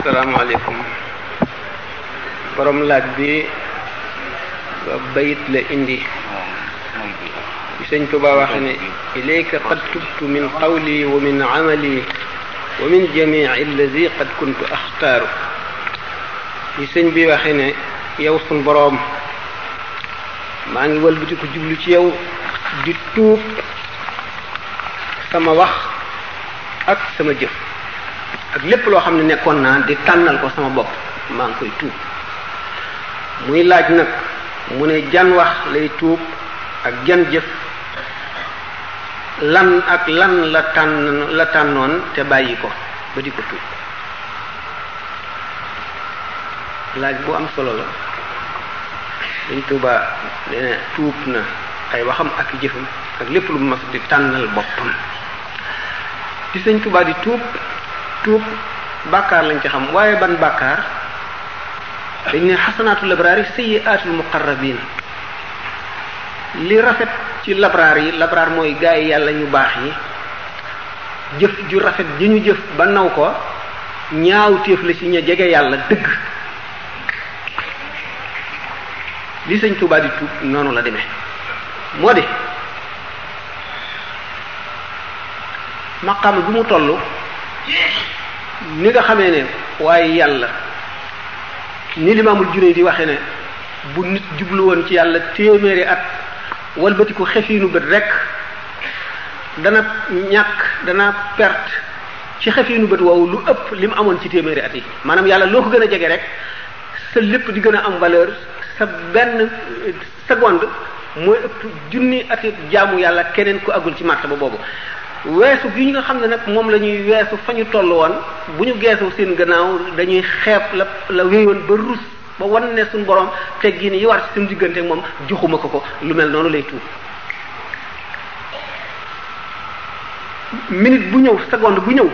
السلام عليكم برملاك لاج بي بيت لاندي اندي سيدنا اليك قد تبت من قولي ومن عملي ومن جميع الذي قد كنت اختار في سيدنا بي واخني بروم معنى نغي ولبتي كو جبلو ياو دي سما واخ اك سما جيف ak lépp loo xam ne nekkoon naa di tànnal ko sama bopp maa ngi koy tuub muy laaj nag mu ne jan wax lay tuub ak jan jëf lan ak lan la tànnoon te bàyyi ko ba di ko tuub laaj bu am solo la dañ tuubaa dene tuub na ay waxam ak jëfam ak lépp lu mas di tànnal boppam di sëñ tuubaa di tuub tuub bakar lañ ci xam waaye ban bàkkaar dañ ne xasanaatul labraari sayyiaatul muqarrabin li rafet ci labraar yi labraar mooy gaay yi ñu baax yi jëf ju rafet ji ñu jëf ba naw ko ñaaw téef la ci ña jege yàlla dëgg li sëñ tuba di tuub noonu la demee moo di mu toll ni nga xamee ne waaye yàlla ni amul junne di waxe ne bu nit jublu woon ci yàlla téeméeri at walbatiku xefiinu bët rek dana ñàkk dana perte ci xefiinu bët woowu lu ëpp li mu amoon ci téeméeri at yi maanaam yàlla loo ko gën a jege rek sa lépp di gën a am valeur sa benn seconde mooy ëpp junni ati jaamu yàlla keneen ku agul ci martaba boobu weesu gi ñu nga xam ne nag moom la ñuy weesu fa ñu toll woon bu ñu geesoo seen gannaaw dañuy xeep la la wéyoon ba rus ba wan ne suñu borom teggin yi war ci suñu diggante moom joxuma ko ko lu mel noonu lay tuub minute bu ñëw seconde bu ñëw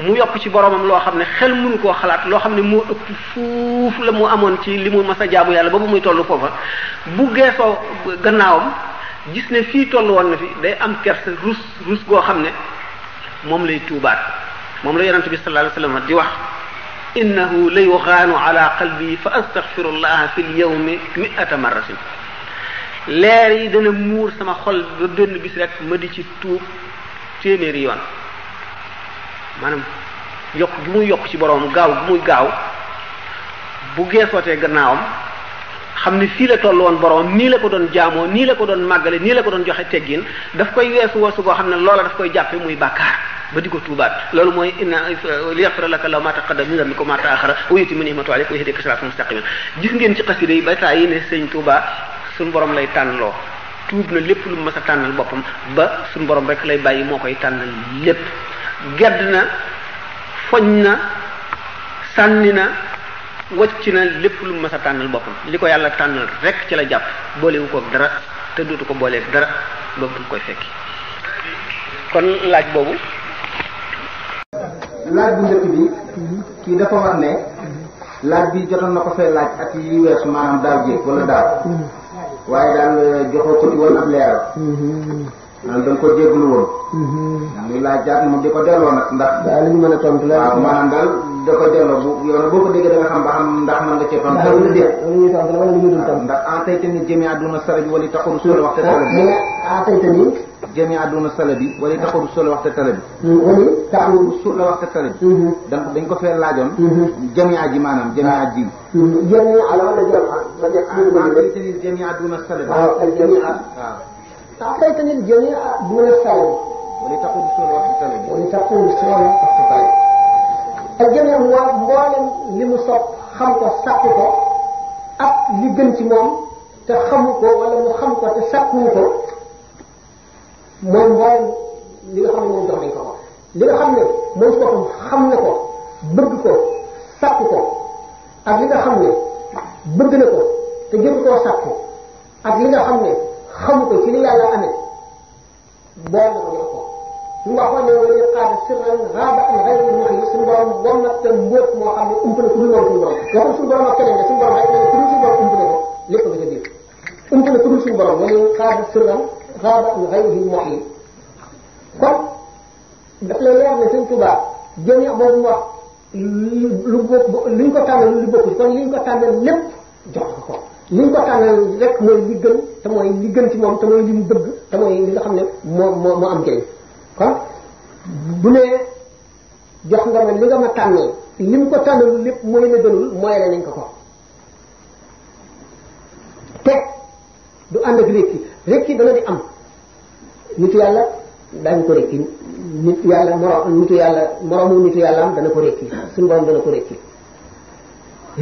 mu yokk ci boromam loo xam ne xel mënu koo xalaat loo xam ne moo ëpp fuuf la mu amoon ci li mu mas a jaamu yàlla ba bu muy tollu toll ba bu geesoo gannaawam gis ne fii toll woon na fi day am kersa rus rus goo xam ne moom lay tuubaat moom la yonente bi sallallahu di wax innahu la yuxaanu ala qalbi fa astaghfirullaha fi lyawmi miata marratin leer yi dana muur sama xol ba benn bis rek ma di ci tuub téeméeri yoon maanaam yokk gi muy yokk ci boroom gaaw gi muy gaaw bu geesootee gannaawam xam ne fii la toll woon borom nii la ko doon jaamoo nii la ko doon màggale nii la ko doon joxe teggin daf koy weesu weesu goo xam ne loola daf koy jàppe muy bàkkaar ba di ko tuubaat loolu mooy inna li yaxfira laka law ma taqaddama min dhanbika wa ma ta'akhkhara wa yutimma ni'matahu alayka wa yahdika siratan mustaqima gis ngeen ci xasida yi ba saa yi ne sëñ Tuuba suñu borom lay tànnloo tuub na lépp lu mu mës a tànnal boppam ba suñu borom rek lay bàyyi moo koy tànnal lépp gedd na foñ na sànni na wàcc na lépp lu mu mës a tànnal boppam li ko yàlla tànnal rekk ci la jàpp boolewu koog dara te dootu ko booleeg dara ba bu koy fekki kon laaj boobu. laaj bu njëkk bi kii dafa wax ne laaj bi jotoon na ko fee laaj ak yi weesu maanaam daaw jéeg wala daaw mm-hmm. waaye daal eh, joxoo ko ci woon ab leeral. Mm-hmm. loolu da nga ko déglu woon. li laa jàpp mu di ko delloo nag ndax. daal li ñu mën a tontu la. waaw maanaam daal da ko delloo bu yow boo ko déggee da nga xam ba xam ndax mën nga cee tontu. wala lu dee lu ñuy tontu la wala lu ñu dul tontu. ndax en tey tamit jëmee àdduna sala bi wala taxul solo waxte tala ah, bi. ah tey tamit. jëmee àdduna sala bi wala taxul solo waxte tala bi. Hmm, wala taxul solo waxte tala bi. Hmm. donc dañ ko fee laajoon. Hmm. jëmee ji maanaam jëmee ji. jëmee ala wala jëmee. ah ah tey tamit jëmee àdduna sala bi. waaw ah, أعطيتني الجميع دون الثاني ولتقول السنة واحدة ولتقول السنة واحدة الجميع هو مولم لمصاب خمطة ساقطة ak li gën ci moom te xamu ko wala mu xam ko te sakkuwu ko mooy mboolem li nga xam ne moom jox nañ ko ko li nga xam ne moom su ko xam na ko bëgg ko sakku ko ak li nga xam ne bëgg na ko te jëm koo sakku ak li nga xam ne xamu ko ci li yàlla amee bool na ko jox ko suñu boo xam ne wala xaar sirran raaba an xayri muxi suñu borom bon nag te mbóot moo xam ne ump na ku dul woon suñu borom waxul suñu borom ak keneen la suñu borom rek ne ku dul suñu borom ump na ko lépp nga biir ump na ku dul suñu borom wala xaar sirran raaba an xayri muxi kon daf lay leer ne sëñ Touba jëmi boobu mu wax lu bokk liñ ko tànnal lu bokk kon liñ ko tànnal lépp jox ko ko liñ ko tànnal rek mooy li gën te mooy li gën ci moom te mooy li mu bëgg te mooy li nga xam ne moo moo moo am njëriñ kon bu ne jox nga ma li nga ma tànnal li mu ko tànnalul lépp mooy la gënul mooy nañ ko ko te du ànd ak rékki rékki yàlla daañu ko rékki nitu yàlla moroom nitu yàlla moroomu yàlla am dana ko rékki suñu borom dana ko rékki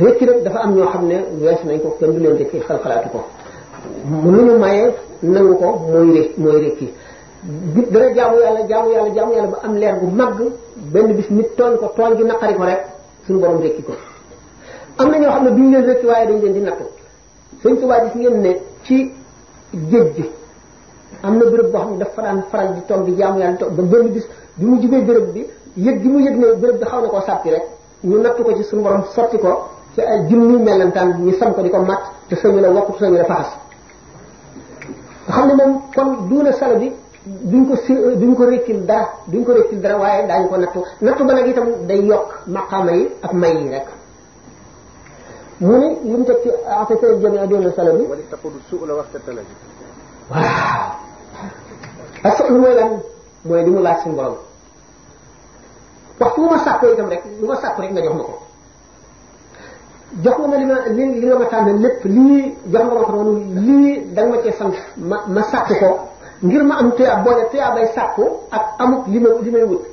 rékki rek dafa am ñoo xam ne wees nañ ko kenn du leen rékki xal-xalaatu ko lu ñu maye nangu ko mooy ré mooy rékki bit dana jaamu yàlla jaamu yàlla jaamu ba am leer bu màgg benn bis nit tooñ ko tooñ gi naqari ko rek suñu borom rékki ko am na ñoo xam ne duñu leen rékki waaye dañ leen di nattu sëñ Tuubaa gis ngeen ne ci géej gi na béréb boo xam ne dafa daan faral di toog di jaamu yàlla toog ba benn bis bi mu jubee béréb bi yëg gi mu yëg ne na koo sàppi rek ñu nattu ko ci suñu borom sotti ko ci ay junni mellantaan ñu sam ko di ko mat te sañu la waxut sañu la faxas nga xam ne moom kon duuna sala bi duñ ko si duñ ko rëccil dara duñ ko rëccil dara waaye daañu ko nattu ba nag itam day ak may rek mu ne mu teg ci affaire jami duuna sala bi wala taqulu su'la waxta talabi waaw ak soxlu mooy lan mooy li mu laaj suñu waxtu bu ma sàkkoo itam rek lu ma sàkku rek nga jox ma ko jox ma li ma li nga ma tànn lépp lii jox nga ma ko noonu lii da nga ma cee sant ma ma sàkk ko ngir ma am tuyaab boole tuyaabay sàkku ak amut li ma li may wut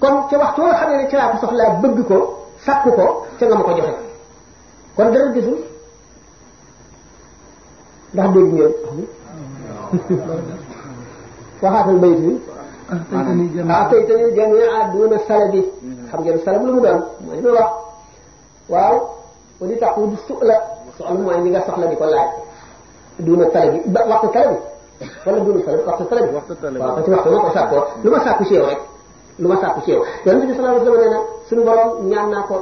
kon ca waxtu nga xam ne ca laa ko soxlaa bëgg ko sàkku ko ca nga ma ko joxe kon dara gisul ndax dégg ngeen waxaatal bayit bi ah tey tamit jàng naa àdduna salabi xam ngeen salab lu mu doon mooy waaw wa li taxu du suxla soxla mooy li nga soxla di ko laaj duuna tale bi ba waxtu tale bi wala duuna tale waxtu tale bi waxtu tale bi waaw ci waxtu ma ko sàkkoo lu ma sàkku ci yow rek lu ma sàkku ci yow yonent bi sallallahu alayhi wa sallam nee na suñu borom ñaan naa ko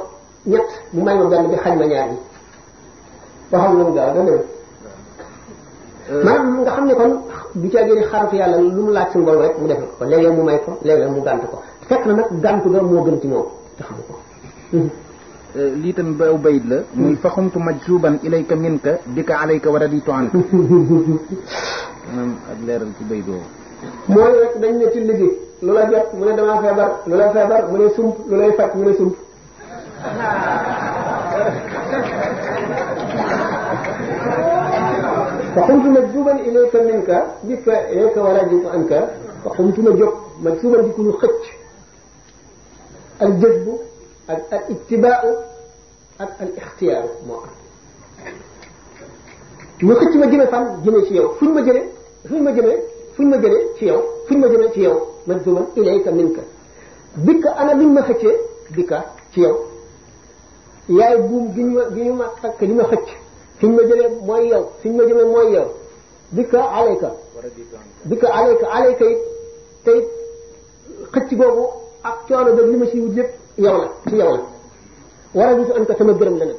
ñett mu may ma benn bi xañ ma ñaar yi waxam lu mu gaaw dana euh. maanaam nga xam ne kon du caa génne xaritu yàlla lu mu laaj suñu borom rek mu def ko léeg-léeg mu may ko léeg-léeg mu gànt ko fekk na nag gàntu ga moo gën ci moom te xam ko lii tamit ba aw bayit la muy faxumtu majsuban ilayka minka dika alayka wa raditu anka maanaam ak leeral ci bayit boobu mooy rek dañ ne ci liggéey lu la jot mu ne damaa feebar lu la feebar mu ne sump lu lay faj mu ne sump فقمت مجذوبا اليك منك بك اليك وراجعت عنك فقمت مجب مجذوبا بكل خج الجذب ak al ittiba'u ak al ikhtiyaaru moo am ñu xëcc ma jëme fan jëme ci yow fuñ ma jëme fuñ ma jëme fuñ ma jëme ci yow fuñ ma jëme ci yow madzuman ilayka minka bikka ana liñ ma xëccee bikka ci yow yaay buum gi ma gi ma ak li ma xëcc fiñ ma jëlee mooy yow fiñ ma jëmee mooy yow bikka alayka bikka alayka alayka it tey xëcc googu ak coono ba li ma ci wut lépp yow la ci yow la war a gisu an ko sama gërëm la nag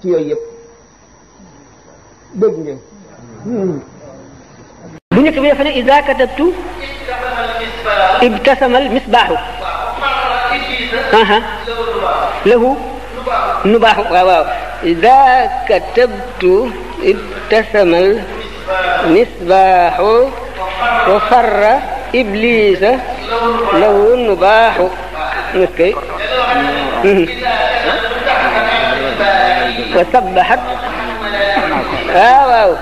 ci yooyu yëpp dégg ngeen bu ñëkk bi dafa ne ida katabtu ابتسم المصباح أها له نباح واو إذا كتبت ابتسم المصباح وفر إبليس له النباح okay. وسبحت آواو آه، آواو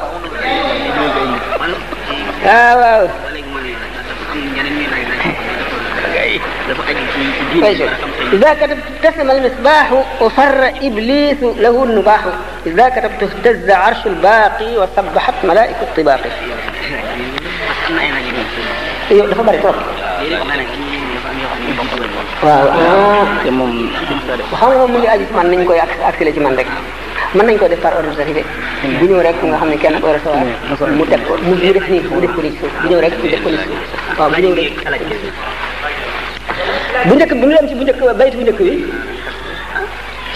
آه. آه، طيب. إذا كتبت ابتسم المصباح وفر إبليس له النباح إذا كتبت اهتز عرش الباقي وسبحت ملائكة الطباقي waaw te moom xam nga mu ngi aju ci man nañ koy accéléré ci man rek mën nañ ko def par ordre d'arrivée bu ñëw rek nga xam ne kenn ko recevoir mu teg ko mu def nii mu def ko nii suuf bu ñëw mu def nii bu ñëw bu njëkk bu ñu bu njëkk baytu bu njëkk bi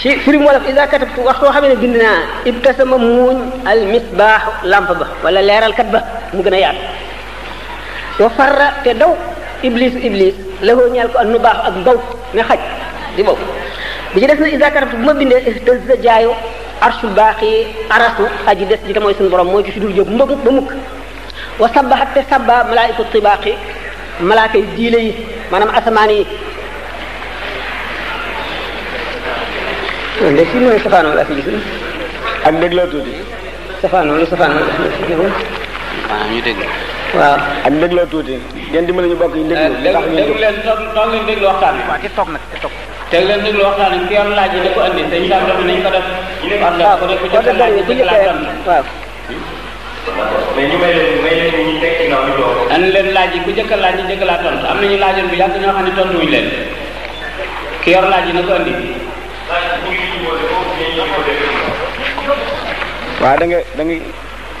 ci firim wolof isa katabtu waxtu boo xam ne bind naa ibtasama muuñ al misbaax lamp ba wala leeralkat ba mu gën a yaatu wa farra te daw iblisu iblis lëgoo ñeel ko an baax ak ngaw ne xaj di boobu bi ci des na isakaratu bu ma bindee tësa jaayu arsul baax yi aji des ji te mooy suñu borom mooy ci fi dul jóg mba ba wa sabaxat te sabba malaayikatu tibaax yi malaaka yi diile yi maanaam asamaan yi nde si mooy safaanoo laa fi gis ak dégg laa tuuti safaanoo lu safaanoo maanaam ñu dégg waaw ak dégloo tuuti. ngeen dimbali ñu bokk ñu déglu. Eh, ndax ñu déglu leen toog toog leen déglu waxtaan bi. waaw ci toog nag ci toog. teg leen déglu waxtaan bi ki yor laaj yi da ko andi te incha allah dinañ ko def. waaw kon def ko jot a laaj yi dinañ ko laaj waaw. mais ñu may leen may leen ñu teg ci ndaw ñu toog. andi leen laaj yi ku njëkk a laaj yi njëkk laa tontu am nañu laajoon bu yàgg ñoo xam ne tontu wuñu leen ki yor laaj yi na ko andi. waaw da nga da nga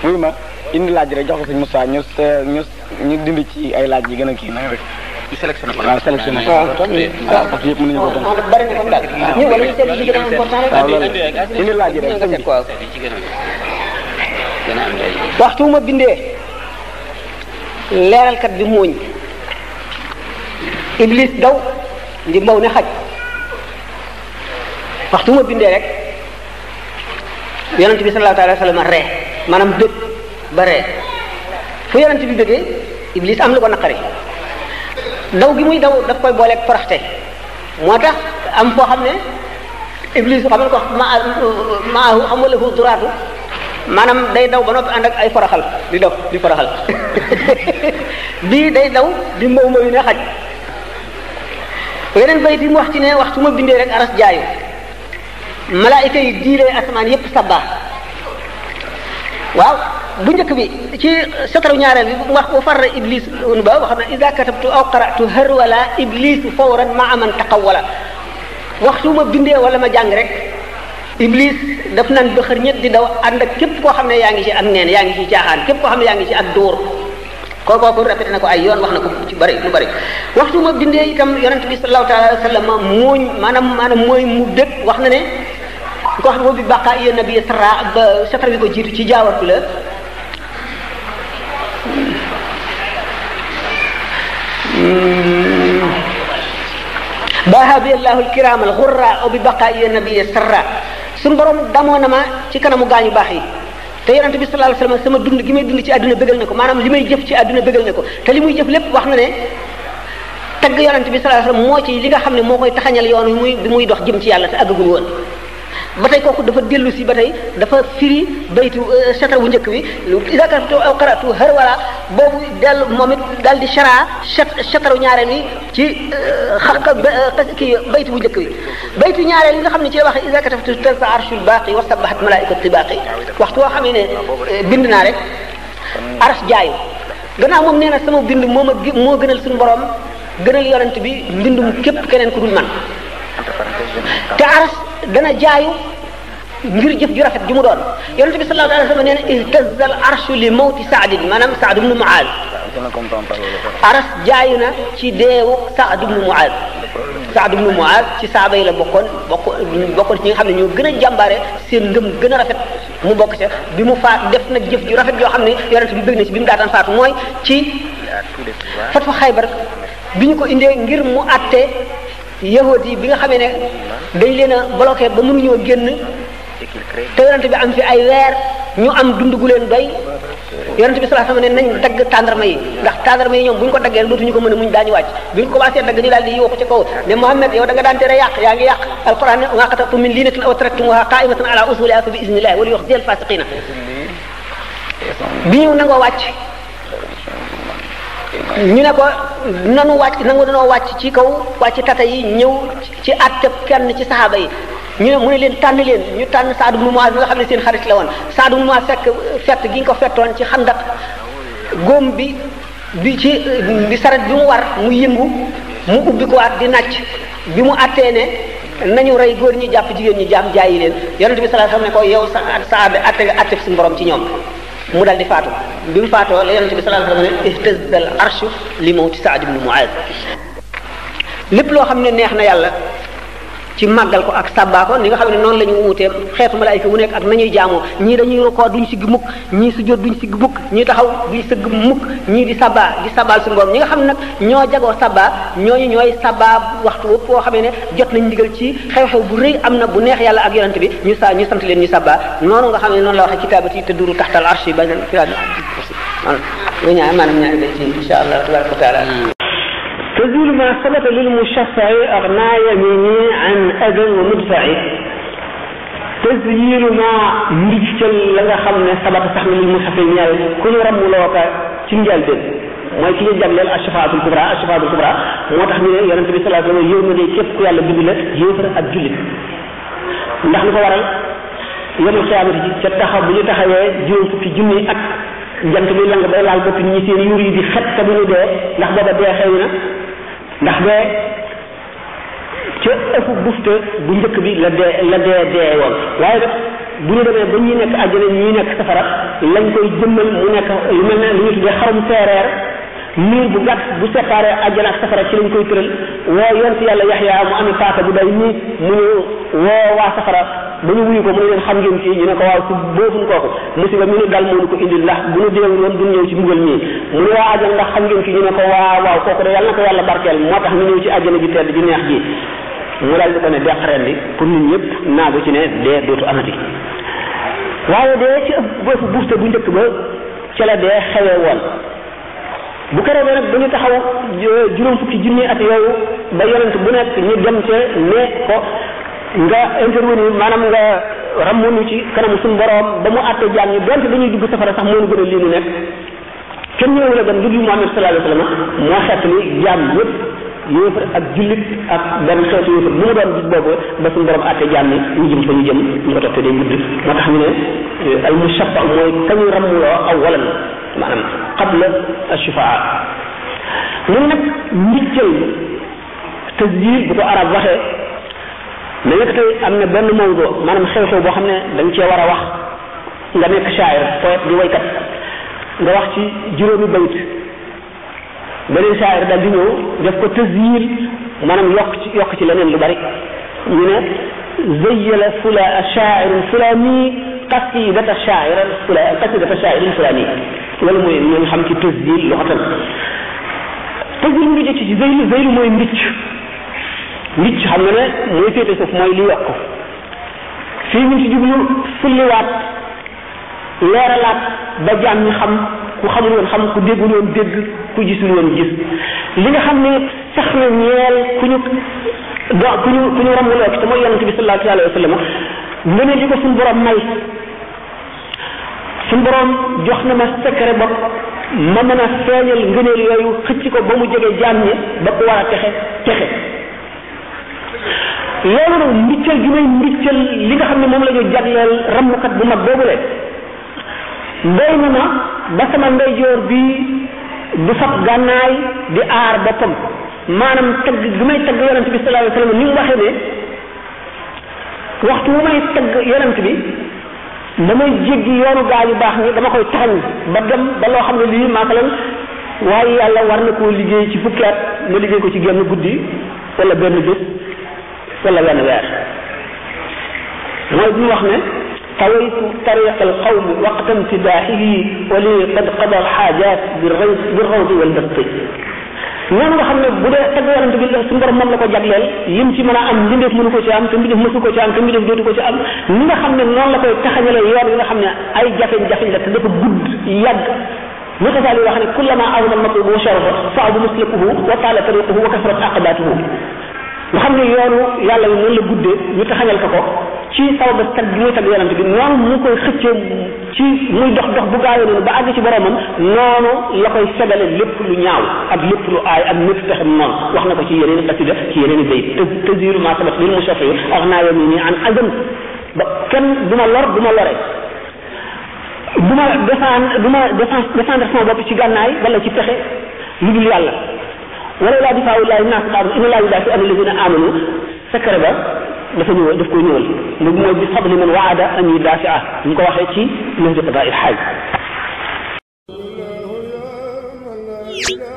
wuy ma. indi laaj rek jox ko sëñ Moussa ñu ñu dindi ci ay laaj yi gën a kii na rek. na ko daal ñu ñu seetlu ci gën a important rek. waxtu ma bindee leeralkat bi mooñ iblis daw ndi mbaw ne xaj waxtu ma bindee rek yonent bi sallallahu alayhi wa ree maanaam bépp bare fu yonent bi bëggee iblis am lu ko naqari daw gi muy daw daf koy booleeg foroxte moo tax am foo xam ne iblis xamal ko ma maahu xam wala hu duraatu maanaam day daw ba noppi ànd ak ay foroxal di daw di foroxal bii day daw bi mbaw mbaw yi ne xaj yeneen bayit yi mu wax ci ne waxtu ma bindee rek aras jaayu malaayika yi diilee asamaan yépp sabba waaw bu njëkk bi ci sataru ñaareel bi wax bu farra iblis un ba wax na ida katabtu aw qara'tu har wala iblis fawran ma aman taqawala waxtu ma bindee wala ma jàng rek iblis daf nan bëxër ñett di daw ànd ak képp koo xam ne yaa ngi ci ak neen yaa ngi ci caaxaan képp koo xam ne yaa ngi ci ak dóor kookoo ko ko ay yoon wax na ko ci bari lu waxtu ma bindee itam yonent bi sallallahu taala alayhi wa maanaam maanaam mooy mu dëkk wax na ne ko xam ne bi baqaa iya nabi sara ba satar bi ko jiitu ci jaawartu la baaxa bi allahu alkiram alxurra aw bi baqaayi nabiya sarra suñu borom damoo na ma ci kanamu gaañu baax yi te yonente bi sallallahu alayhi wasallam sama dund gi may dund ci àdduna bégal na ko maanaam li may jëf ci àdduna bégal ne ko te li muy jëf lépp wax na ne tagg yonente bi sallallahu moo ci li nga xam ne moo koy taxañal yoon muy bi muy dox jëm ci yàlla àgg àggagul woon ba tey kooku dafa dellu si ba tey dafa firi baytu euh, satra bu njëkk bi iza karatu aw qaratu har wala boobu dellu moom it daal di chara sataru ñaareel bi ci euh, xaqa euh, kii baytu bu njëkk bi baytu ñaareel bi nga xam ne ci la waxee iza kataftu tarfa arshul baaqi wa sabahat malaikatu baaqi waxtu woo xamee ne bind naa rek arsh jaayu naa moom nee na sama bind moom a moo gënal suñu borom gënal yonent bi bind mbindum képp keneen ku dul man te arsh dana jaayu ngir jëf ju rafet ju mu doon yonente bi sallallahu alayhi wa sallam nee na ihtazza al arshu li mawti saadin maanaam saad ibnu muaaz aras jaayu na ci deewu saad ibnu muaaz saad mu muaaz ci saaba yi la bokkoon bokk bokkoon ci ñi nga xam ne ñoo gën a jàmbaare seen ngëm gën a rafet mu bokk ca bi mu faat def nag jëf ju rafet yoo xam ne yonente bi bëgg ci bi mu daataan faatu mooy ci fat fa xaybar bi ñu ko indee ngir mu atte yahut yi bi nga xamee ne dañ leen a bloqué ba mënuñoo génn te yonent bi am fi ay weer ñu am dund doy yonent bi sallallahu alayhi wasallam ne nañ dagg tàndarma yi ndax tàndarma yi ñoom bu ko daggee a muñ daañu wàcc bi ñu commencé dagg ñu daal di yokk ci kaw ne Muhammad yow da nga daan tere yàq yaa ngi yàq alquran ne wa qatabtum min linatin aw taraktumuha qa'imatan ala usuliha fa bi idnillahi wala yukhzil fasiqina bi ñu nangoo wàcc ñu ne ko nanu wàcc nangu danoo wàcc ci kaw wàcc tata yi ñëw ci àtte kenn ci saxaaba yi ñu ne mu ne leen tànn leen ñu tànn Saad ibn Muaz bi nga xam ne seen xarit la woon Saad ibn Muaz fekk fett gi nga ko fettoon ci xandak góom bi bi ci bi saret bi mu war mu yëngu mu ubbi ko waat di nàcc bi mu àttee ne nañu rey góor ñi jàpp jigéen ñi jaam jaayi leen yonent bi sallallahu alayhi ne koo yow sa sa atte atte si borom ci ñoom mu daldi di faatu bi mu faatoo la yonente bi sallallahu alayhi wasallam ihtazza arshu li mawt sa'd ibn mu'adh lépp lo xamne neex na yàlla ci màggal ko ak sàbbaa ko ni nga xam ne noonu la ñu wutee xeetu malaayika wu nekk ak nañuy jaamoo ñii dañuy rukoo duñ sigg mukk ñii sujjóot duñ sigg mukk ñii taxaw duñ sëgg mukk ñii di sabbaa di sabbaal suñu borom ñi nga xam ne nag ñoo jagoo sabbaa ñooñu ñooy sabbaa waxtu wëpp boo xamee ne jot nañ ndigal ci xew-xew bu rëy am na bu neex yàlla ak yonent bi ñu saa ñu sant leen ñu sabbaa noonu nga xam ne noonu la waxe kitaabati te duru taxtal arshi ba na firaadi maanaam ñaari bay ci insha allah tabaraka wa taala تدل مرسلة للمشفع أغنى يميني عن أذى ومدفعي تزيين ما مجتل لغا خمنا سبب سحمل المشفع ميال كل رم ملوكا تنجل دل ما يكي يجب لل الشفاعة الكبرى الشفاعة الكبرى ما تحمل يا نبي صلى الله عليه وسلم يوم دي كيف كي على الدولة يوفر الدولة نحن فورا يوم الخيام رجي تتخب لتخيه جون في جمعي أك جنت لي لانغ بلال بوك ني سين يوري دي خت كبو دو ناخ بابا دي خيونا ndax de ca ëfu bufte bu njëkk bi la dee la dee dee woon waaye nag bu ñu demee ba ñuy nekk àjjana ñuy nekk safara lañ koy jëmmal mu nekk lu mel ne lu ñu tuddee xarum teereer miir bu gàtt bu séparé àjjana ak safara ci lañ koy tëral woo yonent yàlla yaxya mu ami paaka bu day nii mu ñu woo waa safara ba ñu wuyu ko mu ne leen xam ngeen kii ñu ne ko waaw ku boofuñ kooku musiba mi dal moo ko indil ndax bu ñu deewul woon duñ ñëw ci mbugal mu ne waa àjjana ndax xam ngeen ki ñu ne ko waaw waaw kooku de yàlla na ko yàlla barkeel moo tax ñu ñëw ci àjjana ji tedd ji neex ji mu daal di ko ne deq ren bi pour nit ñëpp naagu ci ne dee dootu amati waaye dee ci ëpp boofu buufte bu njëkk ba ca la dee xewee bu ko defee nag bu ñu taxaw euh, juróom fukki junni at yooyu ba yonent bu nekk ñu dem ca ne ko nga intervenir maanaam nga ràmmuñu ci kanamu sum borom ba mu àtte jaam ñi donte dañuy dugg safara sax moo ñu gën a lii ñu nekk kenn ñëwu la gën lu dul Muhammad sallallahu alayhi wasallam moo xeet ni jaam yëpp yéefar ak jullit ak benn xeetu yéefar bu mu doon bis boobu ba suñu borom àtte jaam ni ñu jëm fa ñu jëm ñu ko toppee day gudd moo tax ñu ne euh, al mushaffa mooy kañu ràmmuloo aw walan maanaam qabla ashufaa ñun nag mbiccal tasdir bu ko arab waxee na nekk tey am na benn mawdo maanaam xew-xew boo xam ne da nga cee war a wax nga nekk shaayir poète di waykat nga wax ci juróomi bayt beneen shaayir daal di ñëw def ko tasdir maanaam yokk ci yokk ci leneen lu bari ñu ne زين فلا الشاعر الفلاني قصيدة الشاعر الفلاني قصيدة الشاعر الفلاني loolu mooy ñu xam ci tasdil loxatal tasdil mu ngi jëkk ci zeylu zeylu mooy mbicc mbicc xam nga ne mooy féete suuf mooy li yokk fii ñu ci jublu fulliwaat leeralaat ba jaam ñi xam ku xamul woon xam ku déggul woon dégg ku gisul woon gis li nga xam ni sax na ñeel ku ñu do ku ñu ku ñu romb loo ci te mooy yonente bi sallallahu nga ne li ko suñu may suñu borom jox na ma secret bopp ma mën a feeñal ngëneel yooyu xëcc ko ba mu jege jaam ñi ba ko war a texe texe loolu nag gi may mbiccal li nga xam ne moom la ñu jagleel rammukat bu mag boobu leen doy na ma ba sama ndeyjoor bi du fab gànnaay di aar boppam maanaam tagg gi may tagg yonent bi sallallahu alayhi wa sallam ni mu waxee ne waxtu wu may tagg yonent bi damay jéggi yoonu gaa yu baax ñi dama koy tàñ ba dem ba loo xam ne lii maa ko leen waaye yàlla war na koo liggéey ci fukki at ma liggéey ko ci genn guddi wala benn bés wala benn weer mooy bi wax ne طويت طريق القوم وقت امتداحه ولي قد قضى الحاجات بالروض والبسط noonu nga xam ne bu dee tagg yonent bi suñu borom moom la ko jagleel yim ci mën a am mbindeef mënu ko ci am te mbindeef mësu ko ci am te mbindeef dootu ko ci am ni nga xam ne noonu la koy taxañale yoon yi nga xam ne ay jafeñ-jafeñ la te dafa gudd yàgg مثل واخني كلما عظم المطلوب وشربه صعب مسلكه وطال طريقه وكثرت عقباته وخمني يونو يالا نون لا غودي ني تخانيال كوكو ci saw ba tag bi muy tag yonante bi noonu mu koy xëccee ci muy dox dox bu gaawee noonu ba àgg ci boromam noonu la koy segale lépp lu ñaaw ak lépp lu aay ak lépp pexem noonu wax na ko ci yeneen xasida ci yeneen bay te tasiru ma sabat lil musafi ak naa yoon nii an azam ba kenn du ma lor du ma lore du ma défendre du ma défendre sama bopp ci gànnaay wala ci pexe lu dul yàlla wala laa difaawu laay naas baax inna laa yudaa fi amul lazina amanu secret ba dafa ñëw daf koy ñëwal lu mooy bi fadli man waada an yi daafia ñu ko waxee ci nahdi qadail xaaj